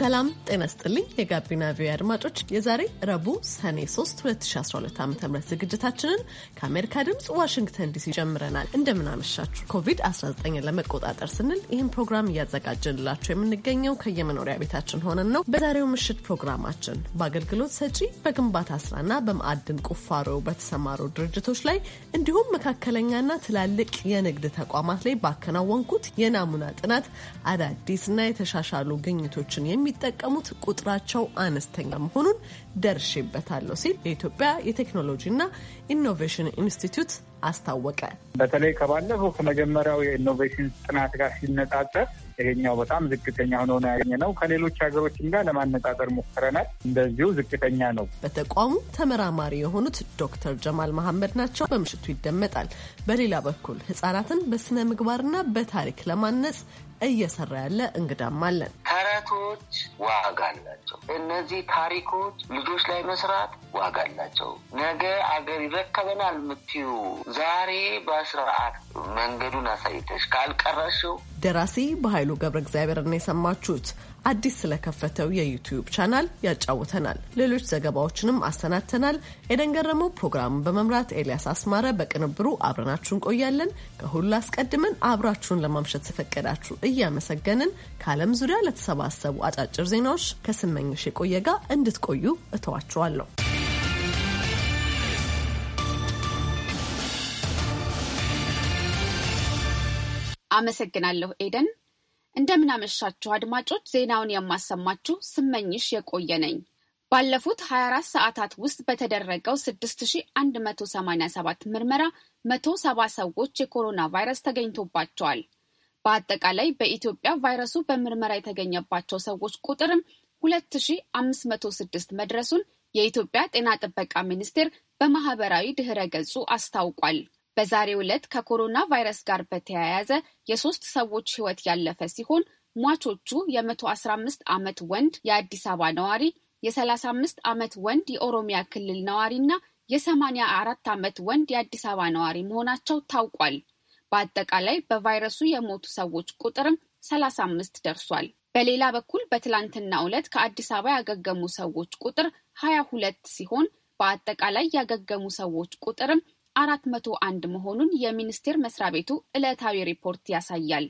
ሰላም ጤና ስጥልኝ። የጋቢና ቪ አድማጮች የዛሬ ረቡዕ ሰኔ 3 2012 ዓ ም ዝግጅታችንን ከአሜሪካ ድምፅ ዋሽንግተን ዲሲ ጀምረናል። እንደምናመሻችሁ። ኮቪድ-19 ለመቆጣጠር ስንል ይህን ፕሮግራም እያዘጋጀንላችሁ የምንገኘው ከየመኖሪያ ቤታችን ሆነን ነው። በዛሬው ምሽት ፕሮግራማችን በአገልግሎት ሰጪ በግንባታ ስራና በማዕድን ቁፋሮ በተሰማሩ ድርጅቶች ላይ እንዲሁም መካከለኛና ትላልቅ የንግድ ተቋማት ላይ ባከናወንኩት የናሙና ጥናት አዳዲስና የተሻሻሉ ግኝቶችን የሚ የሚጠቀሙት ቁጥራቸው አነስተኛ መሆኑን ደርሼበታለሁ ሲል የኢትዮጵያ የቴክኖሎጂና ኢኖቬሽን ኢንስቲትዩት አስታወቀ። በተለይ ከባለፈው ከመጀመሪያው የኢኖቬሽን ጥናት ጋር ሲነጻጸር ይሄኛው በጣም ዝቅተኛ ሆኖ ነው ከሌሎች ሀገሮችም ጋር ለማነጻጸር ሞክረናል፣ እንደዚሁ ዝቅተኛ ነው። በተቋሙ ተመራማሪ የሆኑት ዶክተር ጀማል መሐመድ ናቸው። በምሽቱ ይደመጣል። በሌላ በኩል ህጻናትን በስነ ምግባርና በታሪክ ለማነጽ እየሰራ ያለ እንግዳም አለን። ተረቶች ዋጋ አላቸው። እነዚህ ታሪኮች ልጆች ላይ መስራት ዋጋ አላቸው። ነገ አገር ይረከበናል የምትዩ ዛሬ በስርዓት መንገዱን አሳይተሽ ካልቀረሽው። ደራሲ በኃይሉ ገብረ እግዚአብሔርን የሰማችሁት አዲስ ስለከፈተው የዩቲዩብ ቻናል ያጫውተናል። ሌሎች ዘገባዎችንም አሰናድተናል። ኤደን ገረመው ፕሮግራሙን በመምራት ኤልያስ አስማረ በቅንብሩ አብረናችሁን ቆያለን። ከሁሉ አስቀድመን አብራችሁን ለማምሸት ስለፈቀዳችሁ እያመሰገንን ከዓለም ዙሪያ ለተሰባሰቡ አጫጭር ዜናዎች ከስመኝሽ የቆየ ጋር እንድትቆዩ እተዋችኋለሁ። አመሰግናለሁ ኤደን። እንደምናመሻችሁ አድማጮች፣ ዜናውን የማሰማችሁ ስመኝሽ የቆየ ነኝ። ባለፉት 24 ሰዓታት ውስጥ በተደረገው 6187 ምርመራ 170 ሰዎች የኮሮና ቫይረስ ተገኝቶባቸዋል። በአጠቃላይ በኢትዮጵያ ቫይረሱ በምርመራ የተገኘባቸው ሰዎች ቁጥርም 2506 መድረሱን የኢትዮጵያ ጤና ጥበቃ ሚኒስቴር በማህበራዊ ድህረ ገጹ አስታውቋል። በዛሬ ውለት ከኮሮና ቫይረስ ጋር በተያያዘ የሶስት ሰዎች ህይወት ያለፈ ሲሆን ሟቾቹ የ115 ዓመት ወንድ የአዲስ አበባ ነዋሪ፣ የ35 ዓመት ወንድ የኦሮሚያ ክልል ነዋሪና የ84 ዓመት ወንድ የአዲስ አበባ ነዋሪ መሆናቸው ታውቋል። በአጠቃላይ በቫይረሱ የሞቱ ሰዎች ቁጥርም 35 ደርሷል። በሌላ በኩል በትላንትና ዕለት ከአዲስ አበባ ያገገሙ ሰዎች ቁጥር 22 ሲሆን በአጠቃላይ ያገገሙ ሰዎች ቁጥርም 401 መሆኑን የሚኒስቴር መስሪያ ቤቱ ዕለታዊ ሪፖርት ያሳያል።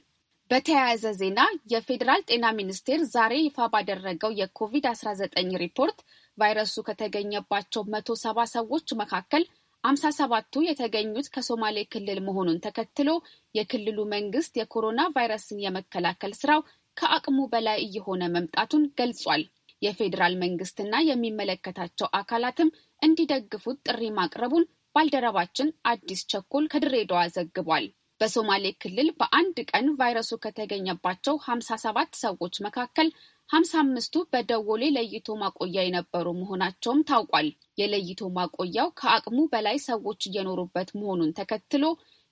በተያያዘ ዜና የፌዴራል ጤና ሚኒስቴር ዛሬ ይፋ ባደረገው የኮቪድ-19 ሪፖርት ቫይረሱ ከተገኘባቸው መቶ ሰዎች መካከል 57 ቱ የተገኙት ከሶማሌ ክልል መሆኑን ተከትሎ የክልሉ መንግስት የኮሮና ቫይረስን የመከላከል ስራው ከአቅሙ በላይ እየሆነ መምጣቱን ገልጿል። የፌዴራል መንግስትና የሚመለከታቸው አካላትም እንዲደግፉት ጥሪ ማቅረቡን ባልደረባችን አዲስ ቸኮል ከድሬዳዋ ዘግቧል። በሶማሌ ክልል በአንድ ቀን ቫይረሱ ከተገኘባቸው 57 ሰዎች መካከል 55ቱ በደወሌ ለይቶ ማቆያ የነበሩ መሆናቸውም ታውቋል። የለይቶ ማቆያው ከአቅሙ በላይ ሰዎች እየኖሩበት መሆኑን ተከትሎ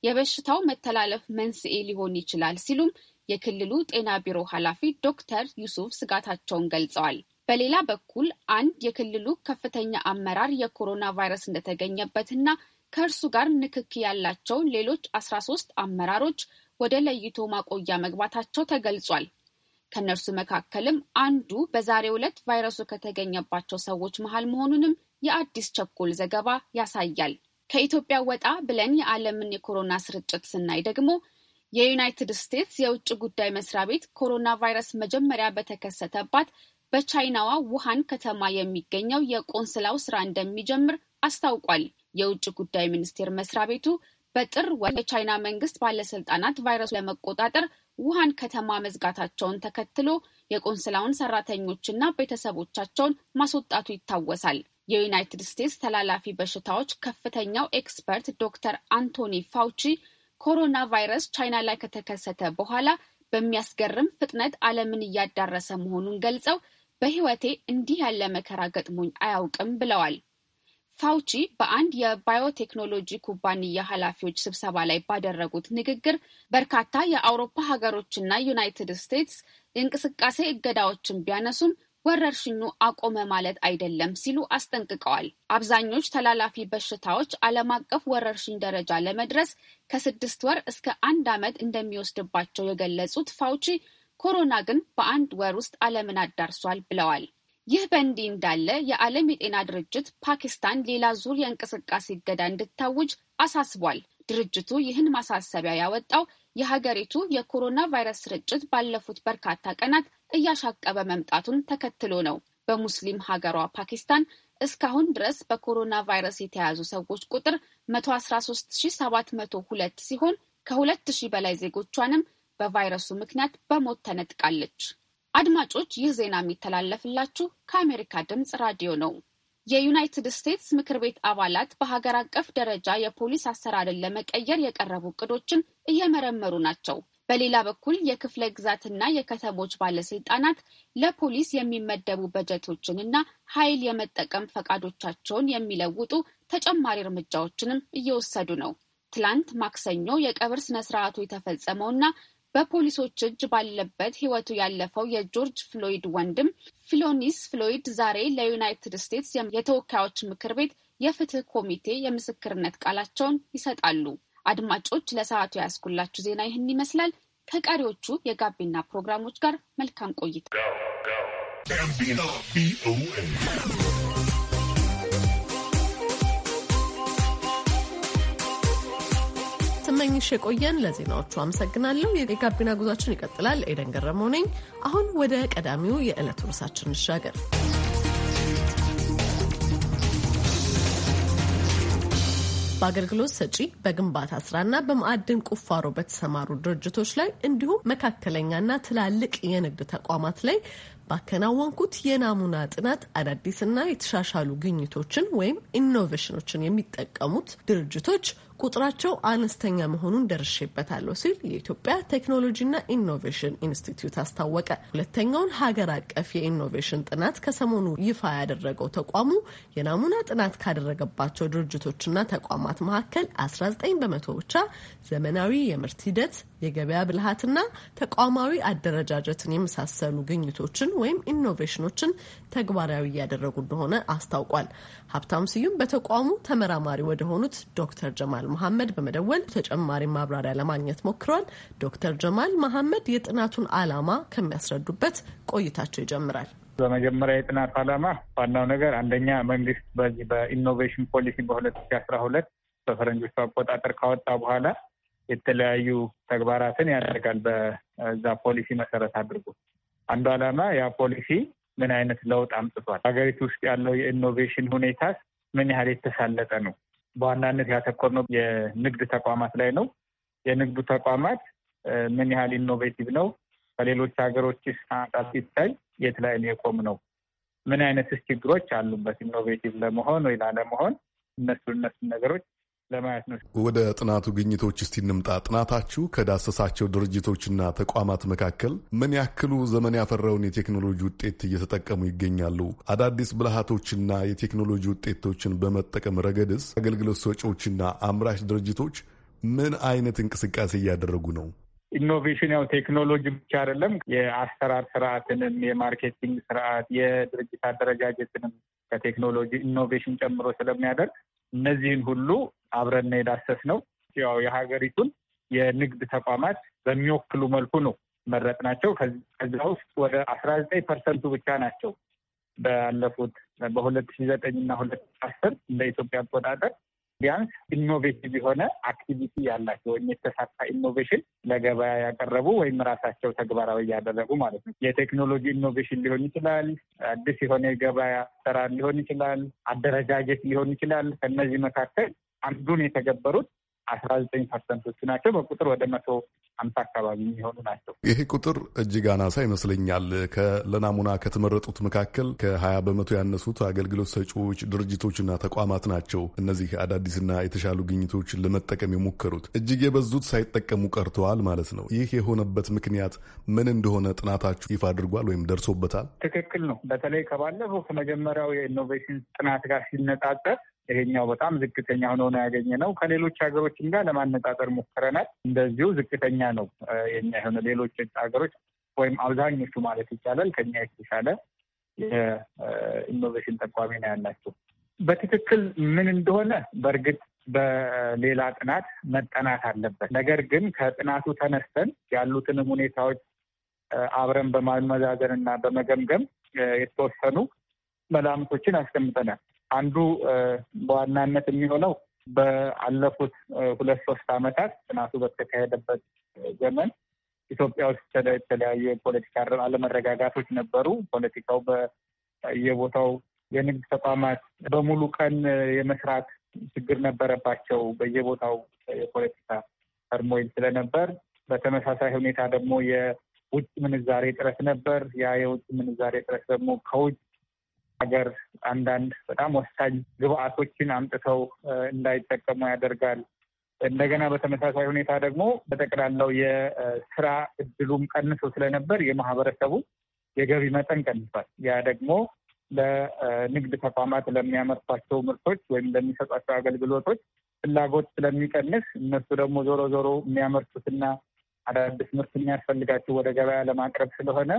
የበሽታው መተላለፍ መንስኤ ሊሆን ይችላል ሲሉም የክልሉ ጤና ቢሮ ኃላፊ ዶክተር ዩሱፍ ስጋታቸውን ገልጸዋል። በሌላ በኩል አንድ የክልሉ ከፍተኛ አመራር የኮሮና ቫይረስ እንደተገኘበትና ከእርሱ ጋር ንክኪ ያላቸው ሌሎች አስራ ሶስት አመራሮች ወደ ለይቶ ማቆያ መግባታቸው ተገልጿል። ከእነርሱ መካከልም አንዱ በዛሬው ዕለት ቫይረሱ ከተገኘባቸው ሰዎች መሃል መሆኑንም የአዲስ ቸኮል ዘገባ ያሳያል። ከኢትዮጵያ ወጣ ብለን የዓለምን የኮሮና ስርጭት ስናይ ደግሞ የዩናይትድ ስቴትስ የውጭ ጉዳይ መስሪያ ቤት ኮሮና ቫይረስ መጀመሪያ በተከሰተባት በቻይናዋ ውሃን ከተማ የሚገኘው የቆንስላው ስራ እንደሚጀምር አስታውቋል። የውጭ ጉዳይ ሚኒስቴር መስሪያ ቤቱ በጥር ወር የቻይና መንግስት ባለስልጣናት ቫይረሱ ለመቆጣጠር ውሃን ከተማ መዝጋታቸውን ተከትሎ የቆንስላውን ሰራተኞችና ቤተሰቦቻቸውን ማስወጣቱ ይታወሳል። የዩናይትድ ስቴትስ ተላላፊ በሽታዎች ከፍተኛው ኤክስፐርት ዶክተር አንቶኒ ፋውቺ ኮሮና ቫይረስ ቻይና ላይ ከተከሰተ በኋላ በሚያስገርም ፍጥነት ዓለምን እያዳረሰ መሆኑን ገልጸው በሕይወቴ እንዲህ ያለ መከራ ገጥሞኝ አያውቅም ብለዋል። ፋውቺ በአንድ የባዮቴክኖሎጂ ኩባንያ ኃላፊዎች ስብሰባ ላይ ባደረጉት ንግግር በርካታ የአውሮፓ ሀገሮችና ዩናይትድ ስቴትስ የእንቅስቃሴ እገዳዎችን ቢያነሱም ወረርሽኙ አቆመ ማለት አይደለም ሲሉ አስጠንቅቀዋል። አብዛኞች ተላላፊ በሽታዎች ዓለም አቀፍ ወረርሽኝ ደረጃ ለመድረስ ከስድስት ወር እስከ አንድ ዓመት እንደሚወስድባቸው የገለጹት ፋውቺ ኮሮና ግን በአንድ ወር ውስጥ ዓለምን አዳርሷል ብለዋል። ይህ በእንዲህ እንዳለ የዓለም የጤና ድርጅት ፓኪስታን ሌላ ዙር የእንቅስቃሴ እገዳ እንድታውጅ አሳስቧል። ድርጅቱ ይህን ማሳሰቢያ ያወጣው የሀገሪቱ የኮሮና ቫይረስ ስርጭት ባለፉት በርካታ ቀናት እያሻቀበ መምጣቱን ተከትሎ ነው። በሙስሊም ሀገሯ ፓኪስታን እስካሁን ድረስ በኮሮና ቫይረስ የተያዙ ሰዎች ቁጥር 113702 ሲሆን ከ2000 በላይ ዜጎቿንም በቫይረሱ ምክንያት በሞት ተነጥቃለች። አድማጮች ይህ ዜና የሚተላለፍላችሁ ከአሜሪካ ድምፅ ራዲዮ ነው። የዩናይትድ ስቴትስ ምክር ቤት አባላት በሀገር አቀፍ ደረጃ የፖሊስ አሰራርን ለመቀየር የቀረቡ እቅዶችን እየመረመሩ ናቸው። በሌላ በኩል የክፍለ ግዛትና የከተሞች ባለስልጣናት ለፖሊስ የሚመደቡ በጀቶችንና ኃይል የመጠቀም ፈቃዶቻቸውን የሚለውጡ ተጨማሪ እርምጃዎችንም እየወሰዱ ነው። ትላንት ማክሰኞ የቀብር ስነ ስርዓቱ የተፈጸመውና በፖሊሶች እጅ ባለበት ሕይወቱ ያለፈው የጆርጅ ፍሎይድ ወንድም ፊሎኒስ ፍሎይድ ዛሬ ለዩናይትድ ስቴትስ የተወካዮች ምክር ቤት የፍትህ ኮሚቴ የምስክርነት ቃላቸውን ይሰጣሉ። አድማጮች፣ ለሰዓቱ ያስኩላችሁ ዜና ይህን ይመስላል። ከቀሪዎቹ የጋቢና ፕሮግራሞች ጋር መልካም ቆይታ። ስመኝሽ የቆየን ለዜናዎቹ አመሰግናለሁ። የጋቢና ጉዟችን ይቀጥላል። ኤደን ገረመው ነኝ። አሁን ወደ ቀዳሚው የዕለቱ ርዕሳችን እንሻገር። በአገልግሎት ሰጪ በግንባታ ስራና በማዕድን ቁፋሮ በተሰማሩ ድርጅቶች ላይ እንዲሁም መካከለኛና ትላልቅ የንግድ ተቋማት ላይ ባከናወንኩት የናሙና ጥናት አዳዲስና የተሻሻሉ ግኝቶችን ወይም ኢኖቬሽኖችን የሚጠቀሙት ድርጅቶች ቁጥራቸው አነስተኛ መሆኑን ደርሼበታለሁ ሲል የኢትዮጵያ ቴክኖሎጂና ኢኖቬሽን ኢንስቲትዩት አስታወቀ። ሁለተኛውን ሀገር አቀፍ የኢኖቬሽን ጥናት ከሰሞኑ ይፋ ያደረገው ተቋሙ የናሙና ጥናት ካደረገባቸው ድርጅቶችና ተቋማት መካከል 19 በመቶ ብቻ ዘመናዊ የምርት ሂደት፣ የገበያ ብልሃትና ተቋማዊ አደረጃጀትን የመሳሰሉ ግኝቶችን ወይም ኢኖቬሽኖችን ተግባራዊ እያደረጉ እንደሆነ አስታውቋል። ሀብታም ስዩም በተቋሙ ተመራማሪ ወደሆኑት ዶክተር ጀማል ጀማል መሐመድ በመደወል ተጨማሪ ማብራሪያ ለማግኘት ሞክረዋል። ዶክተር ጀማል መሐመድ የጥናቱን ዓላማ ከሚያስረዱበት ቆይታቸው ይጀምራል። በመጀመሪያ የጥናቱ ዓላማ ዋናው ነገር አንደኛ መንግስት በዚህ በኢኖቬሽን ፖሊሲ በሁለት ሺ አስራ ሁለት በፈረንጆቹ አቆጣጠር ካወጣ በኋላ የተለያዩ ተግባራትን ያደርጋል። በዛ ፖሊሲ መሰረት አድርጎ አንዱ ዓላማ ያ ፖሊሲ ምን አይነት ለውጥ አምጥቷል፣ ሀገሪቱ ውስጥ ያለው የኢኖቬሽን ሁኔታስ ምን ያህል የተሳለጠ ነው በዋናነት ያተኮርነው የንግድ ተቋማት ላይ ነው። የንግዱ ተቋማት ምን ያህል ኢኖቬቲቭ ነው፣ ከሌሎች ሀገሮች አንጻር ሲታይ የት ላይ ነው የቆም ነው፣ ምን አይነትስ ችግሮች አሉበት ኢኖቬቲቭ ለመሆን ወይ ላለመሆን፣ እነሱ እነሱን ነገሮች ለማየት ነው። ወደ ጥናቱ ግኝቶች እስቲ እንምጣ። ጥናታችሁ ከዳሰሳቸው ድርጅቶችና ተቋማት መካከል ምን ያክሉ ዘመን ያፈራውን የቴክኖሎጂ ውጤት እየተጠቀሙ ይገኛሉ? አዳዲስ ብልሃቶችና የቴክኖሎጂ ውጤቶችን በመጠቀም ረገድስ አገልግሎት ሰጪዎችና አምራች ድርጅቶች ምን አይነት እንቅስቃሴ እያደረጉ ነው? ኢኖቬሽን ያው ቴክኖሎጂ ብቻ አይደለም። የአሰራር ስርዓትንም፣ የማርኬቲንግ ስርዓት፣ የድርጅት አደረጃጀትንም ከቴክኖሎጂ ኢኖቬሽን ጨምሮ ስለሚያደርግ እነዚህን ሁሉ አብረን የዳሰስ ነው። ያው የሀገሪቱን የንግድ ተቋማት በሚወክሉ መልኩ ነው መረጥ ናቸው። ከዛ ውስጥ ወደ አስራ ዘጠኝ ፐርሰንቱ ብቻ ናቸው ባለፉት በሁለት ሺ ዘጠኝ እና ሁለት አስር እንደ ኢትዮጵያ አቆጣጠር ቢያንስ ኢኖቬቲቭ የሆነ አክቲቪቲ ያላቸው ወይም የተሳካ ኢኖቬሽን ለገበያ ያቀረቡ ወይም ራሳቸው ተግባራዊ እያደረጉ ማለት ነው። የቴክኖሎጂ ኢኖቬሽን ሊሆን ይችላል። አዲስ የሆነ የገበያ ስራ ሊሆን ይችላል። አደረጃጀት ሊሆን ይችላል። ከእነዚህ መካከል አንዱን የተገበሩት አስራ ዘጠኝ ፐርሰንቶቹ ናቸው። በቁጥር ወደ መቶ ሀምሳ አካባቢ የሚሆኑ ናቸው። ይሄ ቁጥር እጅግ አናሳ ይመስለኛል። ለናሙና ከተመረጡት መካከል ከሀያ በመቶ ያነሱት አገልግሎት ሰጪዎች ድርጅቶችና ተቋማት ናቸው። እነዚህ አዳዲስና የተሻሉ ግኝቶች ለመጠቀም የሞከሩት እጅግ የበዙት ሳይጠቀሙ ቀርተዋል ማለት ነው። ይህ የሆነበት ምክንያት ምን እንደሆነ ጥናታችሁ ይፋ አድርጓል ወይም ደርሶበታል? ትክክል ነው። በተለይ ከባለፈው ከመጀመሪያው የኢኖቬሽን ጥናት ጋር ሲነጣጠር ይሄኛው በጣም ዝቅተኛ ሆኖ ነው ያገኘ ነው። ከሌሎች ሀገሮችም ጋር ለማነጣጠር ሞክረናል። እንደዚሁ ዝቅተኛ ነው የኛ የሆነ ሌሎች ሀገሮች ወይም አብዛኞቹ ማለት ይቻላል ከኛ የተሻለ የኢኖቬሽን ጠቋሚ ነው ያላቸው። በትክክል ምን እንደሆነ በእርግጥ በሌላ ጥናት መጠናት አለበት። ነገር ግን ከጥናቱ ተነስተን ያሉትንም ሁኔታዎች አብረን በማመዛዘን እና በመገምገም የተወሰኑ መላምቶችን አስቀምጠናል። አንዱ በዋናነት የሚሆነው በአለፉት ሁለት ሶስት ዓመታት ጥናቱ በተካሄደበት ዘመን ኢትዮጵያ ውስጥ የተለያዩ የፖለቲካ አለመረጋጋቶች ነበሩ። ፖለቲካው በየቦታው የንግድ ተቋማት በሙሉ ቀን የመስራት ችግር ነበረባቸው። በየቦታው የፖለቲካ ተርሞይል ስለነበር፣ በተመሳሳይ ሁኔታ ደግሞ የውጭ ምንዛሬ እጥረት ነበር። ያ የውጭ ምንዛሬ እጥረት ደግሞ ከውጭ ሀገር አንዳንድ በጣም ወሳኝ ግብአቶችን አምጥተው እንዳይጠቀሙ ያደርጋል። እንደገና በተመሳሳይ ሁኔታ ደግሞ በጠቅላላው የስራ እድሉም ቀንሶ ስለነበር የማህበረሰቡ የገቢ መጠን ቀንሷል። ያ ደግሞ ለንግድ ተቋማት ለሚያመርቷቸው ምርቶች ወይም ለሚሰጧቸው አገልግሎቶች ፍላጎት ስለሚቀንስ እነሱ ደግሞ ዞሮ ዞሮ የሚያመርቱትና አዳዲስ ምርት የሚያስፈልጋቸው ወደ ገበያ ለማቅረብ ስለሆነ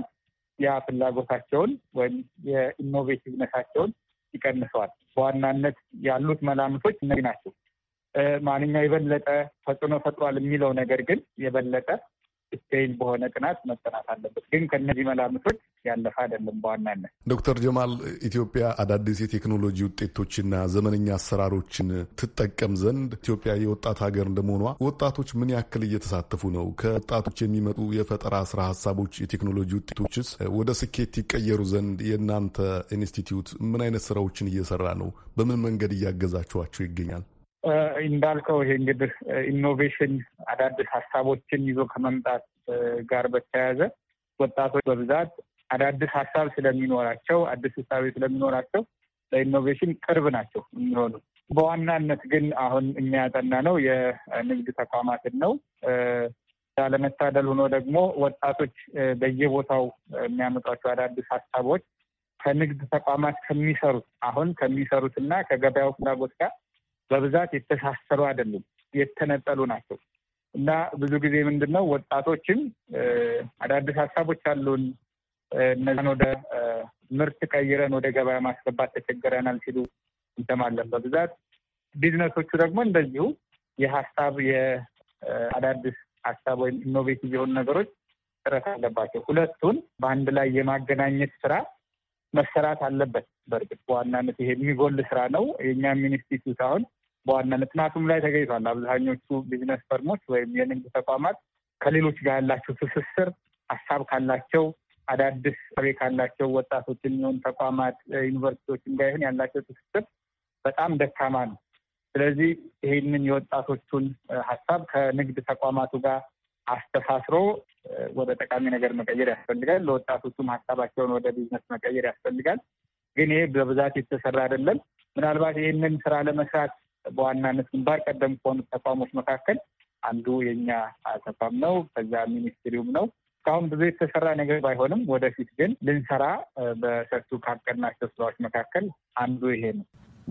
ያ ፍላጎታቸውን ወይም የኢኖቬቲቭነታቸውን ይቀንሰዋል። በዋናነት ያሉት መላምቶች እነዚህ ናቸው። ማንኛው የበለጠ ተጽዕኖ ፈጥሯል የሚለው ነገር ግን የበለጠ ስፔን በሆነ ጥናት መጠናት አለበት። ግን ከነዚህ መላምቶች ያለፈ አይደለም። በዋናነት ዶክተር ጀማል ኢትዮጵያ አዳዲስ የቴክኖሎጂ ውጤቶችና ዘመነኛ አሰራሮችን ትጠቀም ዘንድ ኢትዮጵያ የወጣት ሀገር እንደመሆኗ ወጣቶች ምን ያክል እየተሳተፉ ነው? ከወጣቶች የሚመጡ የፈጠራ ስራ ሀሳቦች፣ የቴክኖሎጂ ውጤቶችስ ወደ ስኬት ይቀየሩ ዘንድ የእናንተ ኢንስቲትዩት ምን አይነት ስራዎችን እየሰራ ነው? በምን መንገድ እያገዛችኋቸው ይገኛል? እንዳልከው ይሄ እንግዲህ ኢኖቬሽን አዳዲስ ሀሳቦችን ይዞ ከመምጣት ጋር በተያያዘ ወጣቶች በብዛት አዳዲስ ሀሳብ ስለሚኖራቸው አዲስ ሀሳብ ስለሚኖራቸው ለኢኖቬሽን ቅርብ ናቸው የሚሆኑ። በዋናነት ግን አሁን እኛ ያጠና ነው የንግድ ተቋማትን ነው። ያለመታደል ሆኖ ደግሞ ወጣቶች በየቦታው የሚያመጧቸው አዳዲስ ሀሳቦች ከንግድ ተቋማት ከሚሰሩት አሁን ከሚሰሩት እና ከገበያው ፍላጎት ጋር በብዛት የተሳሰሩ አይደሉም፣ የተነጠሉ ናቸው። እና ብዙ ጊዜ ምንድን ነው ወጣቶችም አዳዲስ ሀሳቦች አሉን እነዚያን ወደ ምርት ቀይረን ወደ ገበያ ማስገባት ተቸግረናል ሲሉ እንሰማለን በብዛት። ቢዝነሶቹ ደግሞ እንደዚሁ የሀሳብ የአዳዲስ ሀሳብ ወይም ኢኖቬቲቭ የሆኑ ነገሮች ጥረት አለባቸው። ሁለቱን በአንድ ላይ የማገናኘት ስራ መሰራት አለበት። በእርግጥ በዋናነት ይሄ የሚጎል ስራ ነው። የእኛም ኢንስቲትዩት አሁን በዋናነት ጥናቱም ላይ ተገኝቷል። አብዛኞቹ ቢዝነስ ፈርሞች ወይም የንግድ ተቋማት ከሌሎች ጋር ያላቸው ትስስር ሀሳብ ካላቸው አዳዲስ ሰቤ ካላቸው ወጣቶች የሚሆን ተቋማት ዩኒቨርሲቲዎች እንዳይሆን ያላቸው ትስስር በጣም ደካማ ነው። ስለዚህ ይህንን የወጣቶቹን ሀሳብ ከንግድ ተቋማቱ ጋር አስተሳስሮ ወደ ጠቃሚ ነገር መቀየር ያስፈልጋል። ለወጣቶቹም ሀሳባቸውን ወደ ቢዝነስ መቀየር ያስፈልጋል። ግን ይሄ በብዛት የተሰራ አይደለም። ምናልባት ይህንን ስራ ለመስራት በዋናነት ግንባር ቀደም ከሆኑ ተቋሞች መካከል አንዱ የኛ ተቋም ነው። ከዛ ሚኒስትሪውም ነው። እስካሁን ብዙ የተሰራ ነገር ባይሆንም ወደፊት ግን ልንሰራ በሰቱ ካቀድናቸው ስራዎች መካከል አንዱ ይሄ ነው።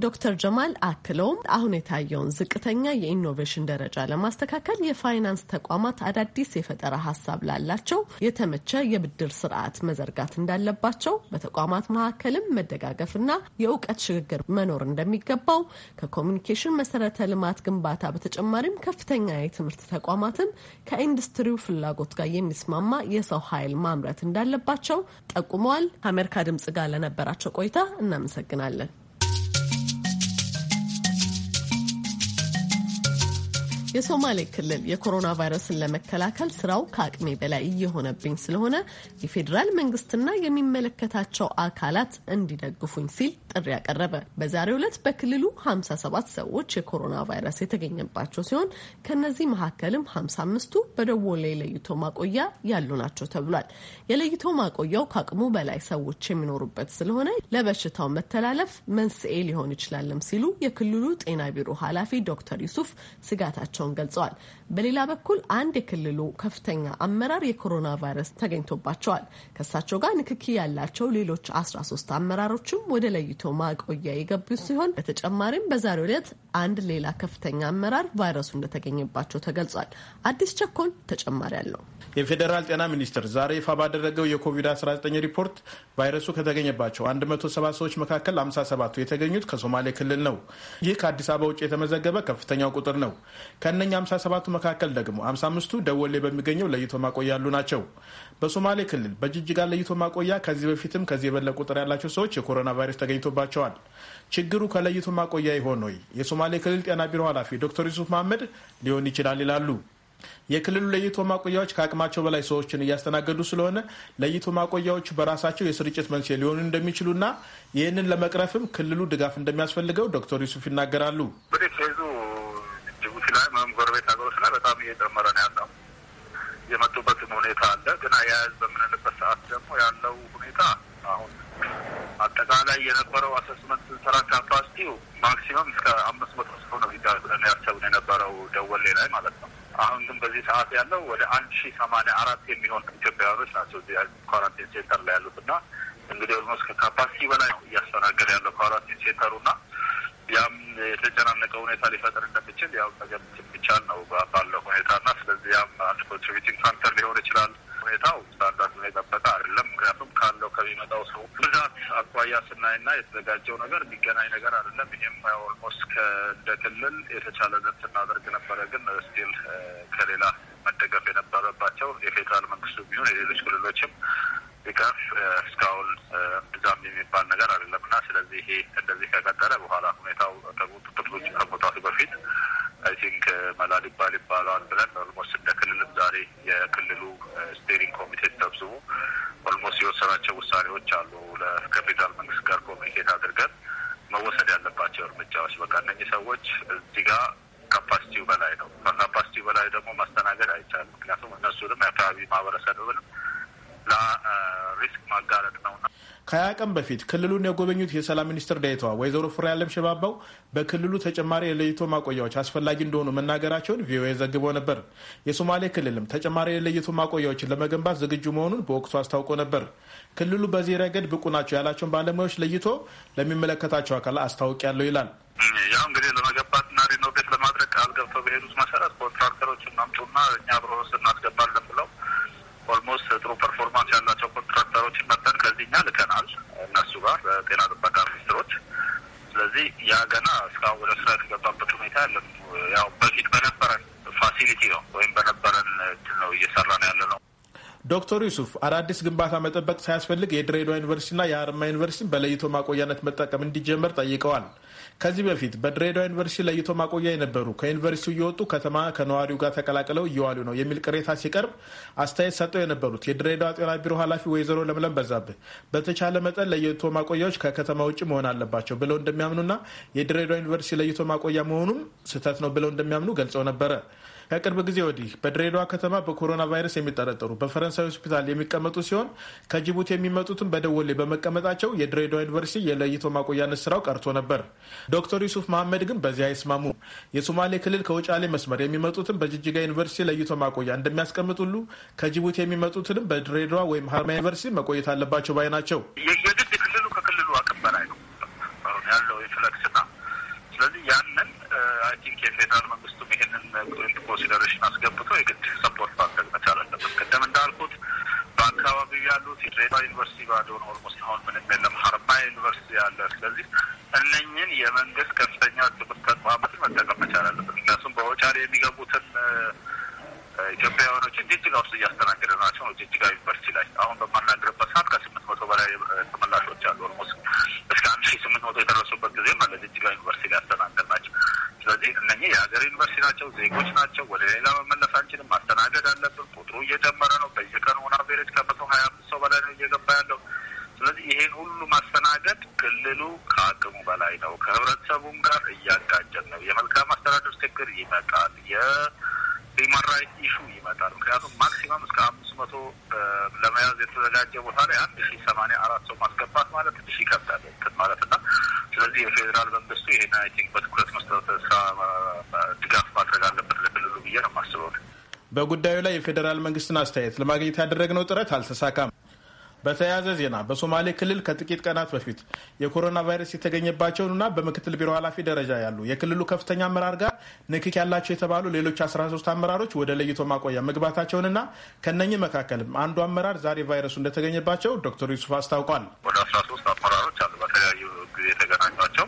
ዶክተር ጀማል አክለውም አሁን የታየውን ዝቅተኛ የኢኖቬሽን ደረጃ ለማስተካከል የፋይናንስ ተቋማት አዳዲስ የፈጠራ ሀሳብ ላላቸው የተመቸ የብድር ስርዓት መዘርጋት እንዳለባቸው፣ በተቋማት መካከልም መደጋገፍና የእውቀት ሽግግር መኖር እንደሚገባው ከኮሚኒኬሽን መሰረተ ልማት ግንባታ በተጨማሪም ከፍተኛ የትምህርት ተቋማትም ከኢንዱስትሪው ፍላጎት ጋር የሚስማማ የሰው ኃይል ማምረት እንዳለባቸው ጠቁመዋል። ከአሜሪካ ድምጽ ጋር ለነበራቸው ቆይታ እናመሰግናለን። የሶማሌ ክልል የኮሮና ቫይረስን ለመከላከል ስራው ከአቅሜ በላይ እየሆነብኝ ስለሆነ የፌዴራል መንግስትና የሚመለከታቸው አካላት እንዲደግፉኝ ሲል ጥሪ ያቀረበ። በዛሬው ዕለት በክልሉ 57 ሰዎች የኮሮና ቫይረስ የተገኘባቸው ሲሆን ከነዚህ መካከልም 55ቱ ላይ ለይቶ ማቆያ ያሉ ናቸው ተብሏል። የለይቶ ማቆያው ከአቅሙ በላይ ሰዎች የሚኖሩበት ስለሆነ ለበሽታው መተላለፍ መንስኤ ሊሆን ይችላልም ሲሉ የክልሉ ጤና ቢሮ ኃላፊ ዶክተር ዩሱፍ ስጋታቸው መሆናቸውን ገልጸዋል። በሌላ በኩል አንድ የክልሉ ከፍተኛ አመራር የኮሮና ቫይረስ ተገኝቶባቸዋል። ከእሳቸው ጋር ንክኪ ያላቸው ሌሎች 13 አመራሮችም ወደ ለይቶ ማቆያ የገቡ ሲሆን በተጨማሪም በዛሬው ዕለት አንድ ሌላ ከፍተኛ አመራር ቫይረሱ እንደተገኘባቸው ተገልጿል። አዲስ ቸኮል ተጨማሪ አለው። የፌዴራል ጤና ሚኒስቴር ዛሬ ይፋ ባደረገው የኮቪድ-19 ሪፖርት ቫይረሱ ከተገኘባቸው 170 ሰዎች መካከል 57ቱ የተገኙት ከሶማሌ ክልል ነው። ይህ ከአዲስ አበባ ውጭ የተመዘገበ ከፍተኛው ቁጥር ነው። ከእነኛ 57ቱ መካከል ደግሞ 55ቱ ደወሌ በሚገኘው ለይቶ ማቆያ ያሉ ናቸው። በሶማሌ ክልል በጅጅጋ ለይቶ ማቆያ ከዚህ በፊትም ከዚህ የበለ ቁጥር ያላቸው ሰዎች የኮሮና ቫይረስ ተገኝቶባቸዋል። ችግሩ ከለይቶ ማቆያ ይሆን ወይ? የሶማሌ ክልል ጤና ቢሮ ኃላፊ ዶክተር ዩሱፍ መሀመድ ሊሆን ይችላል ይላሉ። የክልሉ ለይቶ ማቆያዎች ከአቅማቸው በላይ ሰዎችን እያስተናገዱ ስለሆነ ለይቶ ማቆያዎቹ በራሳቸው የስርጭት መንስኤ ሊሆኑ እንደሚችሉና ይህንን ለመቅረፍም ክልሉ ድጋፍ እንደሚያስፈልገው ዶክተር ዩሱፍ ይናገራሉ። ሀገሮች ላይ ወይም ጎረቤት ሀገሮች ላይ በጣም እየጨመረ ነው ያለው። የመጡበትም ሁኔታ አለ። ግን አያያዝ በምንልበት ሰዓት ደግሞ ያለው ሁኔታ አሁን አጠቃላይ የነበረው አሰስመንት ስራ ካፓሲቲው ማክሲመም እስከ አምስት መቶ ሰው ነው ሂዳ ብለን ያሰብን የነበረው ደወሌ ላይ ማለት ነው። አሁን ግን በዚህ ሰዓት ያለው ወደ አንድ ሺ ሰማንያ አራት የሚሆን ኢትዮጵያውያኖች ናቸው እዚህ ኳራንቲን ሴንተር ላይ ያሉት እና እንግዲህ ኦልሞስት ከካፓሲቲ በላይ እያስተናገደ ያለው ኳራንቲን ሴንተሩ ና ያም የተጨናነቀ ሁኔታ ሊፈጥር እንደሚችል ያው መገመት የሚቻል ነው ባለው ሁኔታ እና ስለዚህ ያም አንድ ኮንትሪቢቲንግ ፋክተር ሊሆን ይችላል። ሁኔታው ስታንዳርዱ የጠበቀ አይደለም። ምክንያቱም ካለው ከሚመጣው ሰው ብዛት አኳያ ስናይና የተዘጋጀው ነገር የሚገናኝ ነገር አይደለም። ይህም ኦልሞስት እንደ ክልል የተቻለ ስናደርግ ነበረ፣ ግን ስቲል ከሌላ መደገፍ የነበረባቸው የፌዴራል መንግስቱ ቢሆን የሌሎች ክልሎችም ድጋፍ እስካሁን ብዛም የሚባል ነገር አይደለም እና ስለዚህ ይሄ እንደዚህ ከቀጠለ በኋላ ሁኔታው ክልሎች ከቦታቱ በፊት አይ ቲንክ መላ ሊባል ይባለዋል ብለን ኦልሞስት እንደ ክልልም ዛሬ የክልሉ ስቴሪንግ ኮሚቴ ተሰብስቦ ኦልሞስት የወሰናቸው ውሳኔዎች አሉ። ከፌዴራል መንግስት ጋር ኮሚኒኬት አድርገን መወሰድ ያለባቸው እርምጃዎች በቃ እነኚህ ሰዎች እዚህ ጋር ከሀያ ቀን በፊት ክልሉን የጎበኙት የሰላም ሚኒስትር ዴኤታዋ ወይዘሮ ያለም ሸባባው በክልሉ ተጨማሪ የለይቶ ማቆያዎች አስፈላጊ እንደሆኑ መናገራቸውን ቪኦኤ ዘግቦ ነበር። የሶማሌ ክልልም ተጨማሪ የለይቶ ማቆያዎችን ለመገንባት ዝግጁ መሆኑን በወቅቱ አስታውቆ ነበር። ክልሉ በዚህ ረገድ ብቁ ናቸው ያላቸውን ባለሙያዎች ለይቶ ለሚመለከታቸው አካል ያለው ይላል። ያው እንግዲህ ለመገንባት እና ሪኖቬት ለማድረግ ቃል ገብተው በሄዱት መሰረት ኮንትራክተሮች እናምጡና እኛ ብሮስ እናስገባለን ብለው ኦልሞስት ጥሩ ፐርፎርማንስ ያላቸው ኮንትራክተሮች መጠን ከዚህኛ ልከናል እነሱ ጋር ጤና ጥበቃ ሚኒስትሮች። ስለዚህ ያ ገና እስካሁን ወደ ስራ የተገባበት ሁኔታ ያለም ያው በፊት በነበረን ፋሲሊቲ ነው ወይም በነበረን ነው እየሰራ ነው ያለ ነው። ዶክተር ዩሱፍ አዳዲስ ግንባታ መጠበቅ ሳያስፈልግ የድሬዳዋ ዩኒቨርሲቲና የአርማ ዩኒቨርሲቲ በለይቶ ማቆያነት መጠቀም እንዲጀመር ጠይቀዋል። ከዚህ በፊት በድሬዳዋ ዩኒቨርሲቲ ለይቶ ማቆያ የነበሩ ከዩኒቨርሲቲው እየወጡ ከተማ ከነዋሪው ጋር ተቀላቅለው እየዋሉ ነው የሚል ቅሬታ ሲቀርብ አስተያየት ሰጠው የነበሩት የድሬዳዋ ጤና ቢሮ ኃላፊ ወይዘሮ ለምለም በዛብህ በተቻለ መጠን ለይቶ ማቆያዎች ከከተማ ውጭ መሆን አለባቸው ብለው እንደሚያምኑና የድሬዳዋ ዩኒቨርሲቲ ለይቶ ማቆያ መሆኑም ስህተት ነው ብለው እንደሚያምኑ ገልጸው ነበረ። ከቅርብ ጊዜ ወዲህ በድሬዳዋ ከተማ በኮሮና ቫይረስ የሚጠረጠሩ በፈረንሳይ ሆስፒታል የሚቀመጡ ሲሆን ከጅቡቲ የሚመጡትን በደወሌ በመቀመጣቸው የድሬዳዋ ዩኒቨርሲቲ የለይቶ ማቆያነት ስራው ቀርቶ ነበር። ዶክተር ዩሱፍ መሐመድ ግን በዚህ አይስማሙ። የሶማሌ ክልል ከውጫሌ መስመር የሚመጡትን በጅጅጋ ዩኒቨርሲቲ ለይቶ ማቆያ እንደሚያስቀምጡሉ ሁሉ ከጅቡቲ የሚመጡትንም በድሬዳዋ ወይም ሀርማ ዩኒቨርሲቲ መቆየት አለባቸው ባይ ናቸው። አይ ቲንክ የፌዴራል መንግስቱም ይህንን ኮንሲደሬሽን አስገብቶ የግድ ሰፖርት ማድረግ መቻል አለበት። ቅድም እንዳልኩት በአካባቢው ያሉት የድሬዳዋ ዩኒቨርሲቲ ባዶ ነው። ኦልሞስት አሁን ምንም የለም። ሀርባ ዩኒቨርሲቲ አለ። ስለዚህ እነኝን የመንግስት ከፍተኛ ትምህርት ተቋማትን መጠቀም መቻል አለበት። ምክንያቱም በወጫሪ የሚገቡትን ኢትዮጵያውያኖችን ጅጅጋ ውስጥ እያስተናገደ ናቸው ነው። ጅጅጋ ዩኒቨርሲቲ ላይ አሁን በማናገርበት ሰዓት ከስምንት መቶ በላይ ተመላሾች አሉ። ኦልሞስት እስከ አንድ ሺ ስምንት መቶ የደረሱበት ጊዜም አለ ጅጅጋ ዩኒቨርሲቲ ላይ ያስተናገድ ናቸው። ስለዚህ እነኚህ የሀገር ዩኒቨርሲቲ ናቸው፣ ዜጎች ናቸው። ወደ ሌላ መመለስ አንችልም። ማስተናገድ አለብን። ቁጥሩ እየጨመረ ነው። በየቀኑ ሆና ቤሬጅ ከመቶ ሀያ አምስት ሰው በላይ ነው እየገባ ያለው። ስለዚህ ይሄን ሁሉ ማስተናገድ ክልሉ ከአቅሙ በላይ ነው። ከህብረተሰቡም ጋር እያጋጨን ነው። የመልካም አስተዳደር ችግር ይመጣል። የሂውማን ራይት ኢሹ ይመጣል። ምክንያቱም ማክሲመም እስከ አምስት መቶ ለመያዝ የተዘጋጀ ቦታ ላይ አንድ ሺ ሰማንያ አራት ሰው ማስገባት ማለት ትንሽ ይከብዳል ማለት ና ስለዚህ የፌዴራል መንግስቱ ይህን አይ ቲንክ በትኩረት መስጠት ስራ ድጋፍ ማድረግ አለበት ለክልሉ ብዬ ነው የማስበው። በጉዳዩ ላይ የፌዴራል መንግስትን አስተያየት ለማግኘት ያደረግነው ጥረት አልተሳካም። በተያያዘ ዜና በሶማሌ ክልል ከጥቂት ቀናት በፊት የኮሮና ቫይረስ የተገኘባቸውንና በምክትል ቢሮ ኃላፊ ደረጃ ያሉ የክልሉ ከፍተኛ አመራር ጋር ንክክ ያላቸው የተባሉ ሌሎች 13 አመራሮች ወደ ለይቶ ማቆያ መግባታቸውንና ከነኚህ መካከልም አንዱ አመራር ዛሬ ቫይረሱ እንደተገኘባቸው ዶክተር ዩሱፍ አስታውቋል። ወደ 13 አመራሮች አሉ በተለያዩ ጊዜ የተገናኟቸው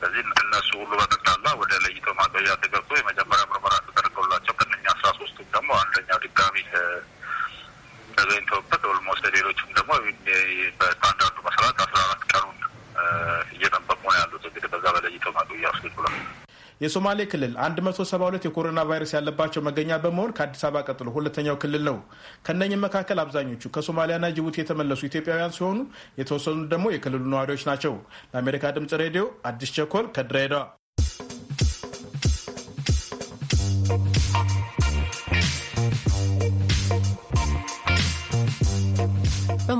ስለዚህ እነሱ ሁሉ በጠቅላላ ወደ ለይቶ ማቆያ ተገብቶ የመጀመሪያ ምርመራ ተደርገውላቸው ከነኛ 13 ሶስቱም ደግሞ አንደኛው ድጋሚ ተገኝተውበት ኦልሞስት ሌሎችም ደግሞ በስታንዳርዱ መሰረት አስራ አራት ቀኑን እየጠበቁ ነው ያሉት። እንግዲህ በዛ በለይተው ማቆያ ውስጥ ብሏል። የሶማሌ ክልል 172 የኮሮና ቫይረስ ያለባቸው መገኛ በመሆን ከአዲስ አበባ ቀጥሎ ሁለተኛው ክልል ነው። ከእነኝም መካከል አብዛኞቹ ከሶማሊያና ጅቡቲ የተመለሱ ኢትዮጵያውያን ሲሆኑ የተወሰኑት ደግሞ የክልሉ ነዋሪዎች ናቸው። ለአሜሪካ ድምጽ ሬዲዮ አዲስ ቸኮል ከድሬዳዋ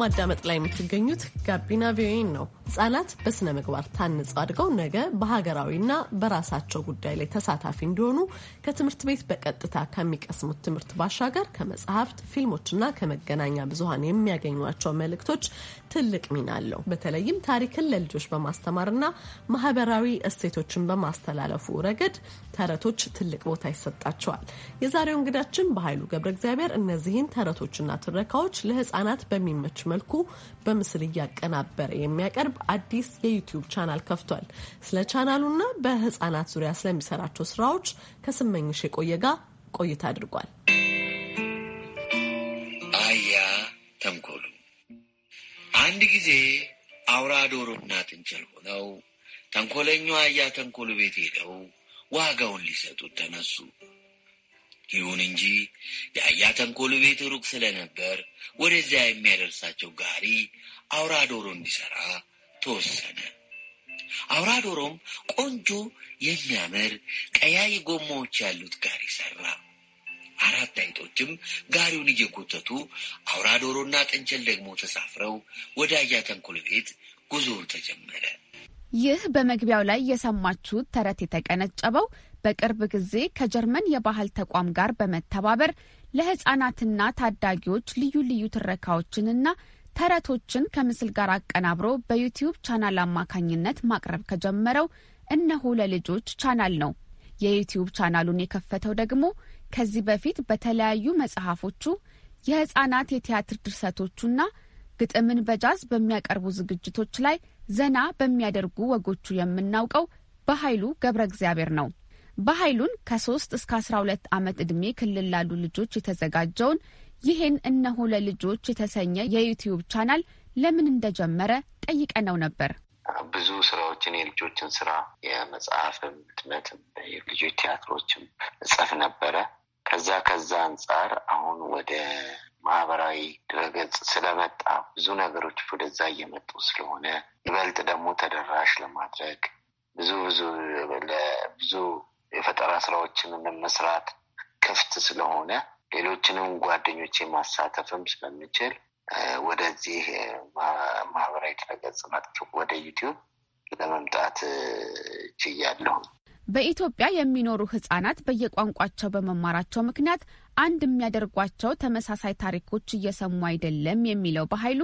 በማዳመጥ ላይ የምትገኙት ጋቢና ቪኦኤ ነው። ህጻናት በስነ ምግባር ታንጸው አድገው ነገ በሀገራዊና በራሳቸው ጉዳይ ላይ ተሳታፊ እንዲሆኑ ከትምህርት ቤት በቀጥታ ከሚቀስሙት ትምህርት ባሻገር ከመጽሐፍት፣ ፊልሞችና ከመገናኛ ብዙሀን የሚያገኟቸው መልእክቶች ትልቅ ሚና አለው። በተለይም ታሪክን ለልጆች በማስተማርና ማህበራዊ እሴቶችን በማስተላለፉ ረገድ ተረቶች ትልቅ ቦታ ይሰጣቸዋል። የዛሬው እንግዳችን በኃይሉ ገብረ እግዚአብሔር እነዚህን ተረቶችና ትረካዎች ለህጻናት በሚመች መልኩ በምስል እያቀናበረ የሚያቀርብ አዲስ የዩቲዩብ ቻናል ከፍቷል። ስለ ቻናሉና በህጻናት ዙሪያ ስለሚሰራቸው ስራዎች ከስመኝሽ የቆየ ጋር ቆይታ አድርጓል። አያ ተንኮሉ አንድ ጊዜ አውራ ዶሮና ጥንቸል ሆነው ተንኮለኛው አያ ተንኮሉ ቤት ሄደው ዋጋውን ሊሰጡት ተነሱ። ይሁን እንጂ የአያ ተንኮሉ ቤት ሩቅ ስለነበር ወደዚያ የሚያደርሳቸው ጋሪ አውራ ዶሮ እንዲሰራ ተወሰነ። አውራ ዶሮም ቆንጆ የሚያምር ቀያይ ጎማዎች ያሉት ጋሪ ሰራ። አራት አይጦችም ጋሪውን እየጎተቱ አውራ ዶሮና ጥንቸል ደግሞ ተሳፍረው ወደ አያ ተንኮል ቤት ጉዞ ተጀመረ። ይህ በመግቢያው ላይ የሰማችሁት ተረት የተቀነጨበው በቅርብ ጊዜ ከጀርመን የባህል ተቋም ጋር በመተባበር ለህጻናትና ታዳጊዎች ልዩ ልዩ ትረካዎችንና ተረቶችን ከምስል ጋር አቀናብሮ በዩቲዩብ ቻናል አማካኝነት ማቅረብ ከጀመረው እነሆ ለልጆች ቻናል ነው። የዩቲዩብ ቻናሉን የከፈተው ደግሞ ከዚህ በፊት በተለያዩ መጽሐፎቹ የህጻናት የቲያትር ድርሰቶቹና ግጥምን በጃዝ በሚያቀርቡ ዝግጅቶች ላይ ዘና በሚያደርጉ ወጎቹ የምናውቀው በኃይሉ ገብረ እግዚአብሔር ነው። በኃይሉን ከሶስት እስከ አስራ ሁለት ዓመት ዕድሜ ክልል ላሉ ልጆች የተዘጋጀውን ይህን እነሆ ለልጆች የተሰኘ የዩትዩብ ቻናል ለምን እንደጀመረ ጠይቀነው ነበር። ብዙ ስራዎችን የልጆችን ስራ የመጽሐፍም፣ ህትመትም፣ የልጆች ቲያትሮችም እጽፍ ነበረ። ከዛ ከዛ አንጻር አሁን ወደ ማህበራዊ ድረገጽ ስለመጣ ብዙ ነገሮች ወደዛ እየመጡ ስለሆነ ይበልጥ ደግሞ ተደራሽ ለማድረግ ብዙ ብዙ ብዙ የፈጠራ ስራዎችን መስራት ክፍት ስለሆነ ሌሎችንም ጓደኞች ማሳተፍም ስለምችል ወደዚህ ማህበራዊ ድረገጽ መጥ ወደ ዩቲዩብ ለመምጣት ችያለሁ። በኢትዮጵያ የሚኖሩ ህጻናት በየቋንቋቸው በመማራቸው ምክንያት አንድ የሚያደርጓቸው ተመሳሳይ ታሪኮች እየሰሙ አይደለም የሚለው በኃይሉ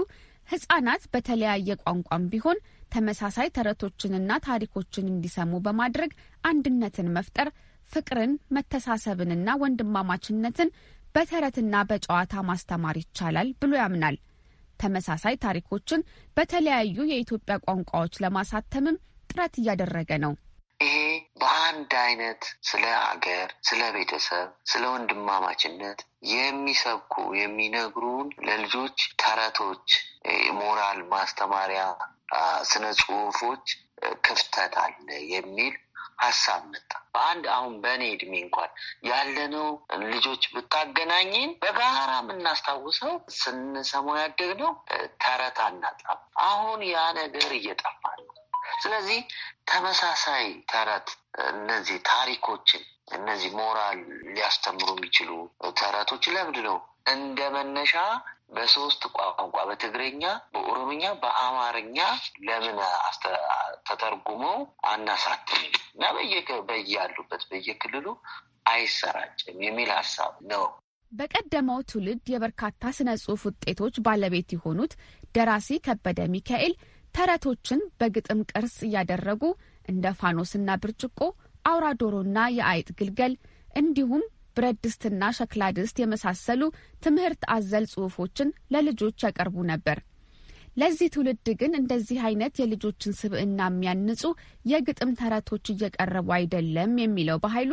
ህጻናት በተለያየ ቋንቋም ቢሆን ተመሳሳይ ተረቶችንና ታሪኮችን እንዲሰሙ በማድረግ አንድነትን መፍጠር፣ ፍቅርን፣ መተሳሰብንና ወንድማማችነትን በተረትና በጨዋታ ማስተማር ይቻላል ብሎ ያምናል። ተመሳሳይ ታሪኮችን በተለያዩ የኢትዮጵያ ቋንቋዎች ለማሳተምም ጥረት እያደረገ ነው። ይሄ በአንድ አይነት ስለ አገር ስለ ቤተሰብ፣ ስለ ወንድማማችነት የሚሰብኩ የሚነግሩን ለልጆች ተረቶች ሞራል ማስተማሪያ ስነ ጽሁፎች ክፍተት አለ የሚል ሀሳብ መጣ። በአንድ አሁን በእኔ እድሜ እንኳን ያለነው ልጆች ብታገናኝን በጋራ የምናስታውሰው ስንሰማው ያደግነው ተረት አናጣም። አሁን ያ ነገር እየጠፋ ነው። ስለዚህ ተመሳሳይ ተረት እነዚህ ታሪኮችን እነዚህ ሞራል ሊያስተምሩ የሚችሉ ተረቶች ለምንድን ነው እንደ መነሻ በሶስት ቋንቋ በትግርኛ፣ በኦሮምኛ፣ በአማርኛ ለምን ተተርጉመው አናሳትም እና በያሉበት በየክልሉ አይሰራጭም የሚል ሀሳብ ነው። በቀደመው ትውልድ የበርካታ ስነ ጽሁፍ ውጤቶች ባለቤት የሆኑት ደራሲ ከበደ ሚካኤል ተረቶችን በግጥም ቅርስ እያደረጉ እንደ ፋኖስና ብርጭቆ፣ አውራ ዶሮና የአይጥ ግልገል እንዲሁም ብረት ድስትና ሸክላ ድስት የመሳሰሉ ትምህርት አዘል ጽሁፎችን ለልጆች ያቀርቡ ነበር። ለዚህ ትውልድ ግን እንደዚህ አይነት የልጆችን ስብዕና የሚያንጹ የግጥም ተረቶች እየቀረቡ አይደለም የሚለው በኃይሉ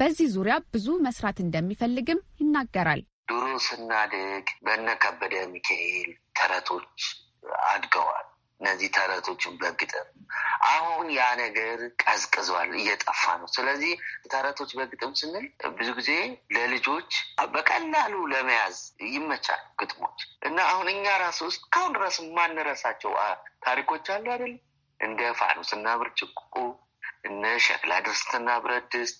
በዚህ ዙሪያ ብዙ መስራት እንደሚፈልግም ይናገራል። ድሮ ስናድግ በነ ከበደ ሚካኤል ተረቶች አድገዋል። እነዚህ ተረቶችን በግጥም አሁን ያ ነገር ቀዝቅዟል፣ እየጠፋ ነው። ስለዚህ ተረቶች በግጥም ስንል ብዙ ጊዜ ለልጆች በቀላሉ ለመያዝ ይመቻል ግጥሞች እና አሁን እኛ ራስ ውስጥ ካሁን ድረስ የማንረሳቸው ታሪኮች አሉ አይደል? እንደ ፋኖስና ብርጭቆ፣ እነ ሸክላ ድስትና ብረት ድስት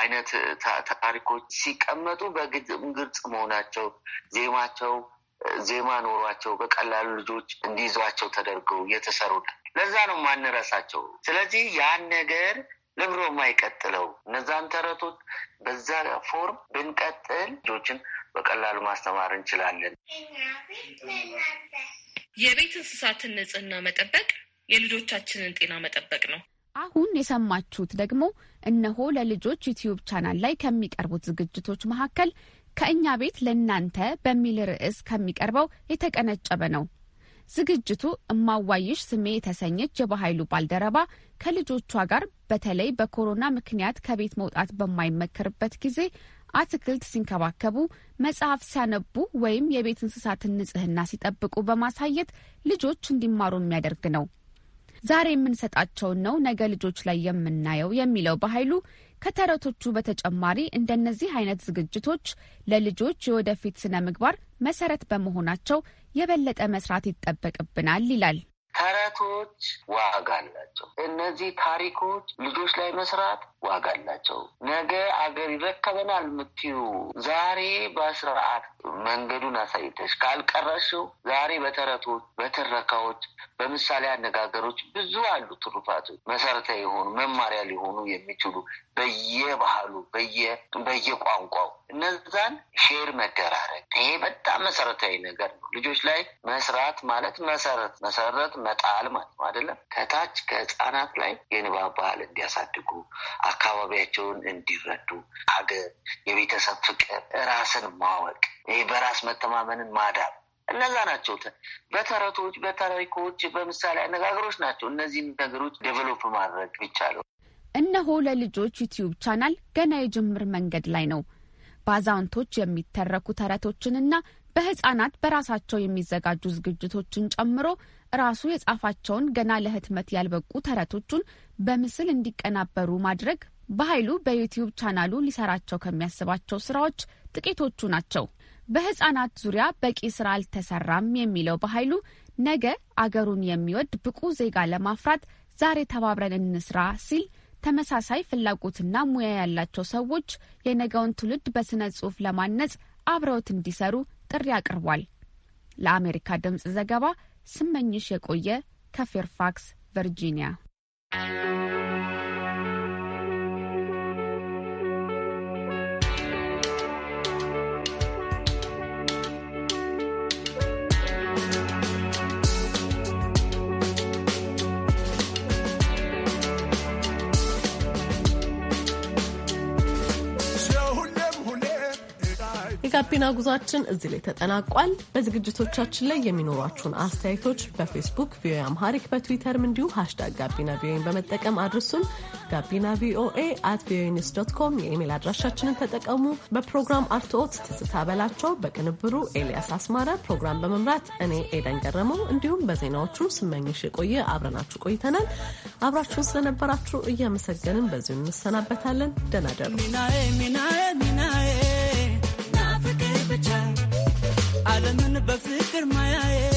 አይነት ታሪኮች ሲቀመጡ በግጥም ግልጽ መሆናቸው ዜማቸው ዜማ ኖሯቸው በቀላሉ ልጆች እንዲይዟቸው ተደርገው የተሰሩ ለዛ ነው ማንረሳቸው። ስለዚህ ያን ነገር ለምሮ የማይቀጥለው እነዛን ተረቶች በዛ ፎርም ብንቀጥል ልጆችን በቀላሉ ማስተማር እንችላለን። የቤት እንስሳትን ንጽህና መጠበቅ የልጆቻችንን ጤና መጠበቅ ነው። አሁን የሰማችሁት ደግሞ እነሆ ለልጆች ዩትዩብ ቻናል ላይ ከሚቀርቡት ዝግጅቶች መካከል ከእኛ ቤት ለእናንተ በሚል ርዕስ ከሚቀርበው የተቀነጨበ ነው። ዝግጅቱ እማዋይሽ ስሜ የተሰኘች የበኃይሉ ባልደረባ ከልጆቿ ጋር በተለይ በኮሮና ምክንያት ከቤት መውጣት በማይመከርበት ጊዜ አትክልት ሲንከባከቡ፣ መጽሐፍ ሲያነቡ ወይም የቤት እንስሳትን ንጽህና ሲጠብቁ በማሳየት ልጆች እንዲማሩ የሚያደርግ ነው። ዛሬ የምንሰጣቸውን ነው ነገ ልጆች ላይ የምናየው የሚለው በኃይሉ ከተረቶቹ በተጨማሪ እንደነዚህ አይነት ዝግጅቶች ለልጆች የወደፊት ስነ ምግባር መሰረት በመሆናቸው የበለጠ መስራት ይጠበቅብናል ይላል። ተረቶች ዋጋ አላቸው። እነዚህ ታሪኮች ልጆች ላይ መስራት ዋጋ አላቸው። ነገ አገር ይረከበናል የምትዩ ዛሬ በስርዓት መንገዱን አሳይተሽ ካልቀረሽው ዛሬ በተረቶች፣ በትረካዎች፣ በምሳሌ አነጋገሮች ብዙ አሉ ትሩፋቶች መሰረታዊ የሆኑ መማሪያ ሊሆኑ የሚችሉ በየባህሉ በየቋንቋው እነዛን ሼር መደራረግ ይሄ በጣም መሰረታዊ ነገር ነው። ልጆች ላይ መስራት ማለት መሰረት መሰረት መጣል ማለት ነው አይደለም። ከታች ከህፃናት ላይ የንባብ ባህል እንዲያሳድጉ፣ አካባቢያቸውን እንዲረዱ፣ ሀገር፣ የቤተሰብ ፍቅር፣ ራስን ማወቅ፣ ይሄ በራስ መተማመንን ማዳብ እነዛ ናቸው። በተረቶች፣ በታሪኮች፣ በምሳሌ አነጋገሮች ናቸው እነዚህን ነገሮች ዴቨሎፕ ማድረግ ይቻላል። እነሆ ለልጆች ዩትዩብ ቻናል ገና የጅምር መንገድ ላይ ነው። በአዛውንቶች የሚተረኩ ተረቶችንና በህጻናት በራሳቸው የሚዘጋጁ ዝግጅቶችን ጨምሮ ራሱ የጻፋቸውን ገና ለህትመት ያልበቁ ተረቶቹን በምስል እንዲቀናበሩ ማድረግ በኃይሉ በዩቲዩብ ቻናሉ ሊሰራቸው ከሚያስባቸው ስራዎች ጥቂቶቹ ናቸው። በህጻናት ዙሪያ በቂ ስራ አልተሰራም የሚለው በኃይሉ ነገ አገሩን የሚወድ ብቁ ዜጋ ለማፍራት ዛሬ ተባብረን እንስራ ሲል ተመሳሳይ ፍላጎትና ሙያ ያላቸው ሰዎች የነገውን ትውልድ በሥነ ጽሑፍ ለማነጽ አብረውት እንዲሰሩ ጥሪ አቅርቧል። ለአሜሪካ ድምጽ ዘገባ ስመኝሽ የቆየ ከፌርፋክስ ቨርጂኒያ። የጋቢና ጉዟችን እዚህ ላይ ተጠናቋል። በዝግጅቶቻችን ላይ የሚኖሯችሁን አስተያየቶች በፌስቡክ ቪኦኤ አምሃሪክ በትዊተርም እንዲሁ ሃሽታግ ጋቢና ቪኦኤን በመጠቀም አድርሱን። ጋቢና ቪኦኤ አት ቪኦኤ ኒውስ ዶት ኮም የኢሜል አድራሻችንን ተጠቀሙ። በፕሮግራም አርትኦት ትዝታ በላቸው፣ በቅንብሩ ኤልያስ አስማረ፣ ፕሮግራም በመምራት እኔ ኤደን ገረመው እንዲሁም በዜናዎቹ ስመኝሽ የቆየ አብረናችሁ ቆይተናል። አብራችሁን ስለነበራችሁ እያመሰገንን በዚሁ እንሰናበታለን። ደናደሩ ዓለምን በፍቅር ማያየ